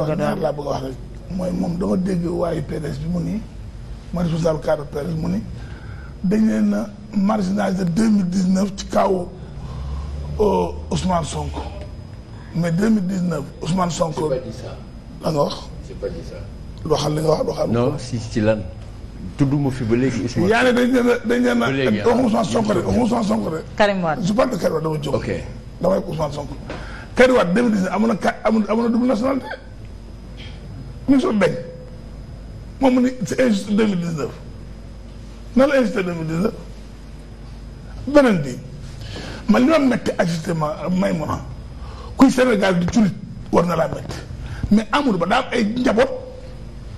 wax ñaar laa bëgg a wax rek mooy moom dama dégg waayu PDS bi mu nii ma responsable cadre PDS mu ni dañ leen na marginalisé deux mille dix neuf ci kaw euh, Ousmane Sonko mais deux mille dix neuf Ousmane Sonko la nga wax waxal li nga wax waxal non si ci lan tudduma fi ba léegi Ousmane yaa ne dañ leen dañ leen na waxuma Ousmane ah. Sonko de waxuma Ousmane Sonko de Karim Wade je parle de Karim Wade dama jóg ok damay Ousmane Sonko Karim Wade deux mille dix neuf amoon na amoon na double nationalité mission dañ moom mu ni c'est injuste deux mille dix neuf na la injuste deux mille dix beneen bi man li ma métti ajustement may mun a kuy Sénégal di jullit war na laa métti mais amul ba daam ay njaboot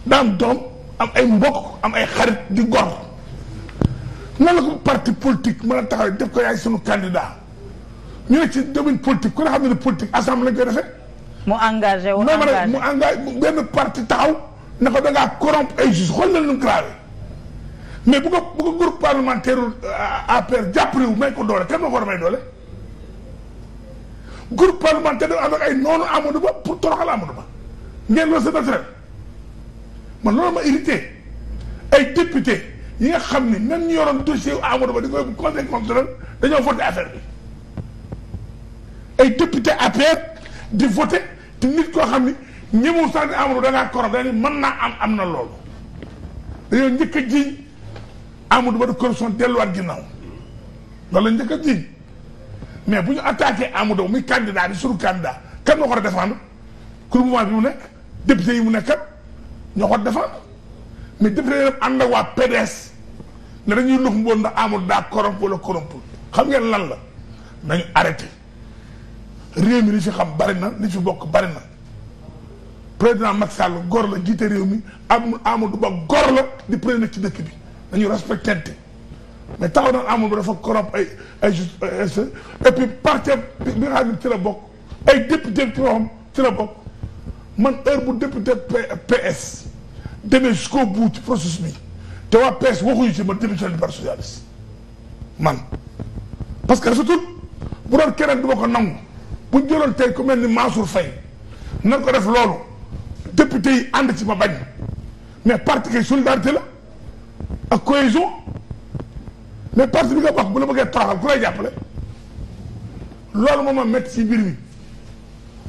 daa am doom am ay mbokk am ay xarit di gor nan la ko parti politique mën a taxaw def ko yaay sunu candidat ñu ne ci domaine politique ku ne xam ne ne politique assemblée lañ koy mu engagé wu engagé mu engagé benn parti taxaw na ko da ngaa corrompre ay juge xool na lu grave mais bu ko bu ko groupe parlementaire euh, APR jàppale wu may ko doole kenn ma ko war a may doole. groupe parlementaire am ak ay noonu Amadou Ba pour toroxal Amadou Ba ngeen loolu c'est naturel man loolu ma irrité ay député yi nga xam ni même ñu yoroon dossier Amadou Ba di koy conseil constitutionnel dañoo voté affaire bi ay député APR. di voté te nit koo xam ni ñëwul sax ni Amadou da ngaa korom da mën naa am am na loolu dañoo njëkk a jiiñ Amadou Ba du corruption delluwaat ginnaaw loolu la njëkk a jiiñ mais bu ñu attaqué Amadou muy candidat bi sunu candidat kan moo ko war a défendre ku mouvement bi mu nekk député yi mu nekk ñoo ko défendre mais député yi ànd ak waa PDS dañuy lux mboon ndax Amadou daa corrompu wala corrompu xam ngeen lan la nañu arrêté. réew mi li fi xam bari na li bokk bari na président Macky Sall góor la jiite réew mi am Amadou Ba góor la di président ci dëkk bi dañu respecté mais taxaw naan Amadou Ba dafa corrompre ay ay juste et puis bi nga xam ne ci la bokk ay député ci waxam ci la bokk man heure bu député PS demee jusqu'au bout ci processus bi te waa PS waxuñu ci ma démissionné du parti socialiste man parce que surtout bu doon keneen du ma ko nangu. bu ñu jëloon tey ku mel ni Mansour Faye na ko def loolu député yi ànd ci ma bañ mais parti kay solidarité la ak cohésion mais parti bi nga wax bu la bëggee toroxal ku lay jàppale loolu moom ma métti ci mbir mi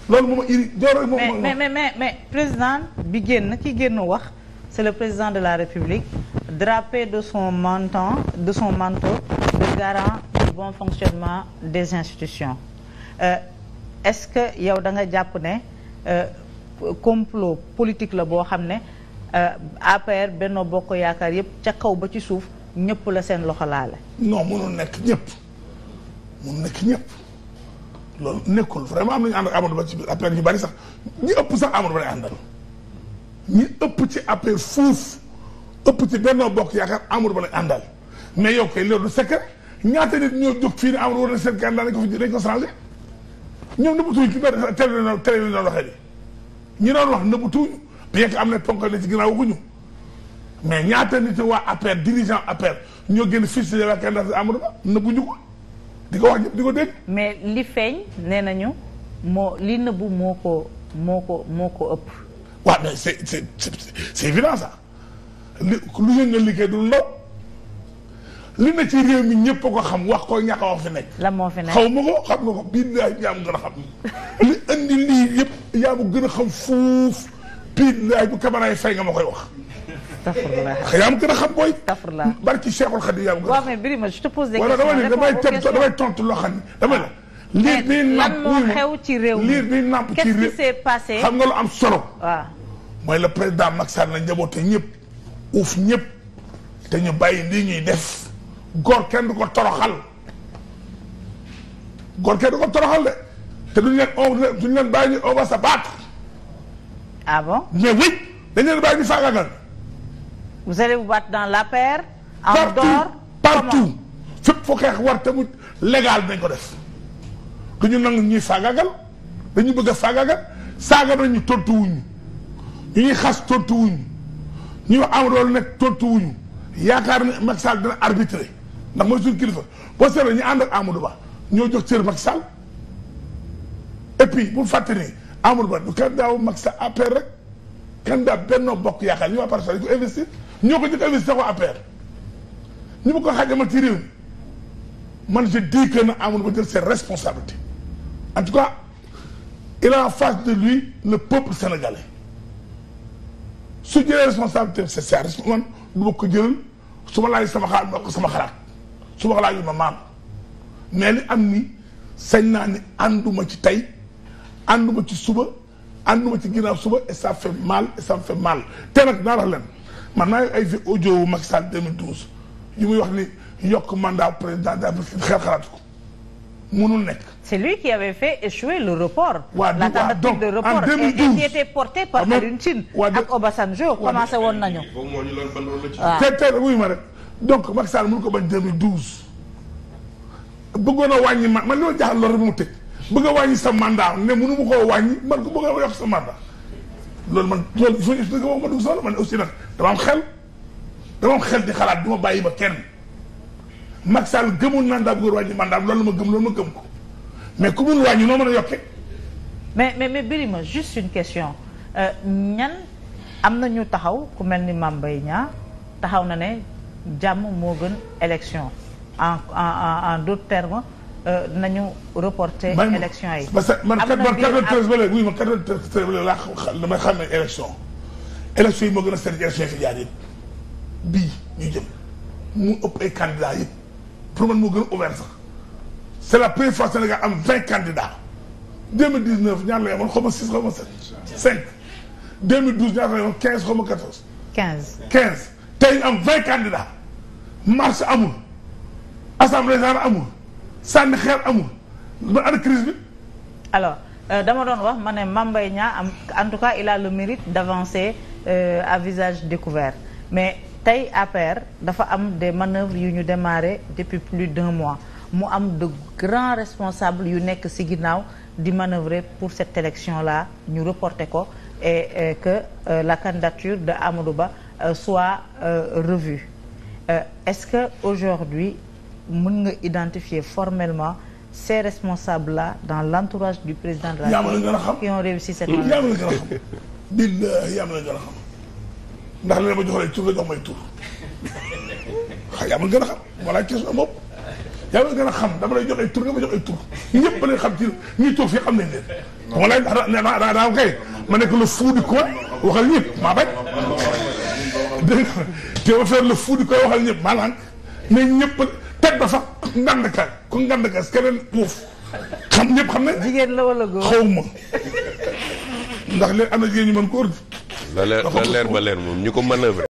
loolu moom iri joor moom mais mais mais mais président bi génn na ki génn wax c'est le président de la République drapé de son manteau de son manteau de garant bon fonctionnement des institutions euh, est-ce que yow da nga jàpp ne euh, complot politique la boo xam ne euh, APR Benno Bokk Yaakaar yëpp ca kaw ba ci suuf ñëpp la seen loxo laale. non mënul nekk ñëpp mënul nekk ñëpp loolu nekkul vraiment am nañu ànd ak Amadou Ba ci biir APR ñu bari sax ñi ëpp sax Amadou Ba lay àndal ëpp ci APR fuuf ëpp ci Benno Bokk Yaakaar Amadou Ba lay àndal mais yow kay loolu du secret ñaata nit ñoo jóg fii ne Amadou war na seen candidat dañ ko fi dañ ko changé. ñoom nëbbatuñ ci benn télé télé bi doon waxee ni ñu doon wax nëbbatuñu bien que am na ponk la ci ginnaaw waxuñu mais ñaata nit waa APR dirigeant APR ñoo génn fii si la candidat Amadou Ba nëbbuñu ko di ko wax ñëpp di ko dégg. mais li feeñ nee nañu moo li nëbbu moo ko moo ko moo ko ëpp. waaw mais c'est c'est c'est évident ça li lu yëngal liggéey du ndaw. li na ci réew mi ñëpp a ko xam wax ko ñàkk a wax fi nekk. lan moo fi nekk xaw ma ko xam nga ko biir laay yaa ma gën a xam. li andi lii yëpp yaa ma gën a xam fuuf biir laay bu kamaraay fay nga ma koy wax. tafurlaa yaa ma gën a xam booy. tafurlaa barki Cheikhul Khadim yaa ma gën a xam. waaw mais Birima je te pose des questions dama ne damay tontu damay tontu loo xam ne dama ne. Ah. liir bi nàmp moo xew ci réew mi liir bi nàmp ci réew qu'est-ce qui s'est passé xam nga lu am solo. waaw mooy le président Macky Sall na njaboote ñëpp uuf ñëpp te ñu bàyyi lii ñuy def góor kenn du ko toroxal góor kenn du ko toroxal de te duñ leen on duñ leen bàyyi ñu on va se battre. ah bon mais oui dañ leen bàyyi ñu faagaagal. la paire. en partout, dehors partout fépp foo xeex war ko def duñu nangu ñuy faagaagal dañu bëgg a faagaagal saaga nañu tontu ñu ñuy xas tontu wuñu ñu wax am dool nekk tontu yaakaar ne Macky Sall dina ndax mooy suñu kilifa boo seetloo ñu ànd ak Amadou Ba ñoo jox cër Macky Sall et puis bu fàtte ni Amadou Ba du candidat wu Macky Sall APR rek candidat Benno Bokk Yaakaar ñu waa par dañ ko investir ñoo ko jëkk investir sax waa APR ñu bëgg ko xajamal ci réew mi man je dis que na Amadou Ba jël ses responsabilités en tout cas il a en face de lui le peuple sénégalais su jëlee responsabilité c'est ça man du ma ko jëlal su ma laaj sama xalaat ma sama xalaat su wax laa yu ma maam mais am ni sañ naa ni ànduma ci tey ànduma ci suba ànduma ci ginnaaw suba et ça fait mal et ça fait mal te nag naa wax leen man naa ay fi audio wu Macky Sall 2012 yu muy wax ni yokk mandat président de la République xel ko mënul nekk. c'est lui qui avait fait échouer le report. waaw la tentative de report et qui était par ah, Alioune Tine ak Obasanjo commencé woon nañu. waaw te te wuyu ma rek donc Macky Sall mënu ko bañ 2012. bëggoon a wàññi ma man loolu jaaxal mu tëj bëgg a wàññi sa mandat ne mënu ma koo wàññi man ko bëgg a yokk sa mandat. loolu man loolu il faut que ma dugg di xalaat du ma bàyyi ba kenn. Macky Sall gëmul mandat bu ko wàññi mandat loolu ma gëm loolu ma gëm ko mais ku mun wàññi noo mën a yokkee. mais mais mais ma juste une question euh, ñan am na ñu taxaw ku mel ni Mame Mbaye Niang taxaw na ne jàmm moo gën élection en en en d'autres termes euh, nañu reporter. élection yi man man 93 ba léegi oui man 93 ba léegi laa xam damay xam ne élection élection yi moo gën a seet élection yi fi jaar yëpp bii ñu jëm mu ëpp ay candidats yëpp. pour man moo gën a ouvert sax c' la première fois Sénégal am vingt candidats deux mille dix neuf ñaar la yemoon xaw six xaw ma cinq deux mille douze ñaar la yemoon quinze xaw ma quatorze. quinze quinze tey am vingt candidats marche amul assemblée générale amul sànni xeer amul ba ana crise bi. alors euh, dama doon wax ma ne Mame Mbaye Niang am en tout cas il a le mérite d' avancer euh, à visage découvert mais. tey APR dafa am des manœuvres yu ñu démarré depuis plus d'un mois mu am de grands responsables yu nekk ci ginnaaw di manœuvrer pour cette élection là ñu reporter ko et, et que euh, la candidature de Amadou Ba euh, soit euh, revue euh, est-ce que aujourd'hui mun nga identifier formellement ces responsables la dans l'entourage du président de la République qui ont réussi cette manœuvre. yaa ma la gën a xam. billahi yaa la xam. ndax li ma joxoon tur la jox may tur xa yaa ma gën a xam voilà ci sa bopp yaa ma gën a xam dama lay jox ay tur nga ma jox ay tur ñëpp lañ xam ci ñi tur fii xam nañ leen. wala daa daa kay ma nekk le fou du coin waxal ñëpp maa bañ dégg nga te ma faire le fou du coin waxal ñëpp maa lànk ne ñëpp teg ba sax ngand ka ku ngand ka keneen uuf xam ñëpp xam ne. jigéen la wala góor xaw ma ndax léegi am na jigéen ñu mën ko la leer ba leer moom ñu ko manœuvrer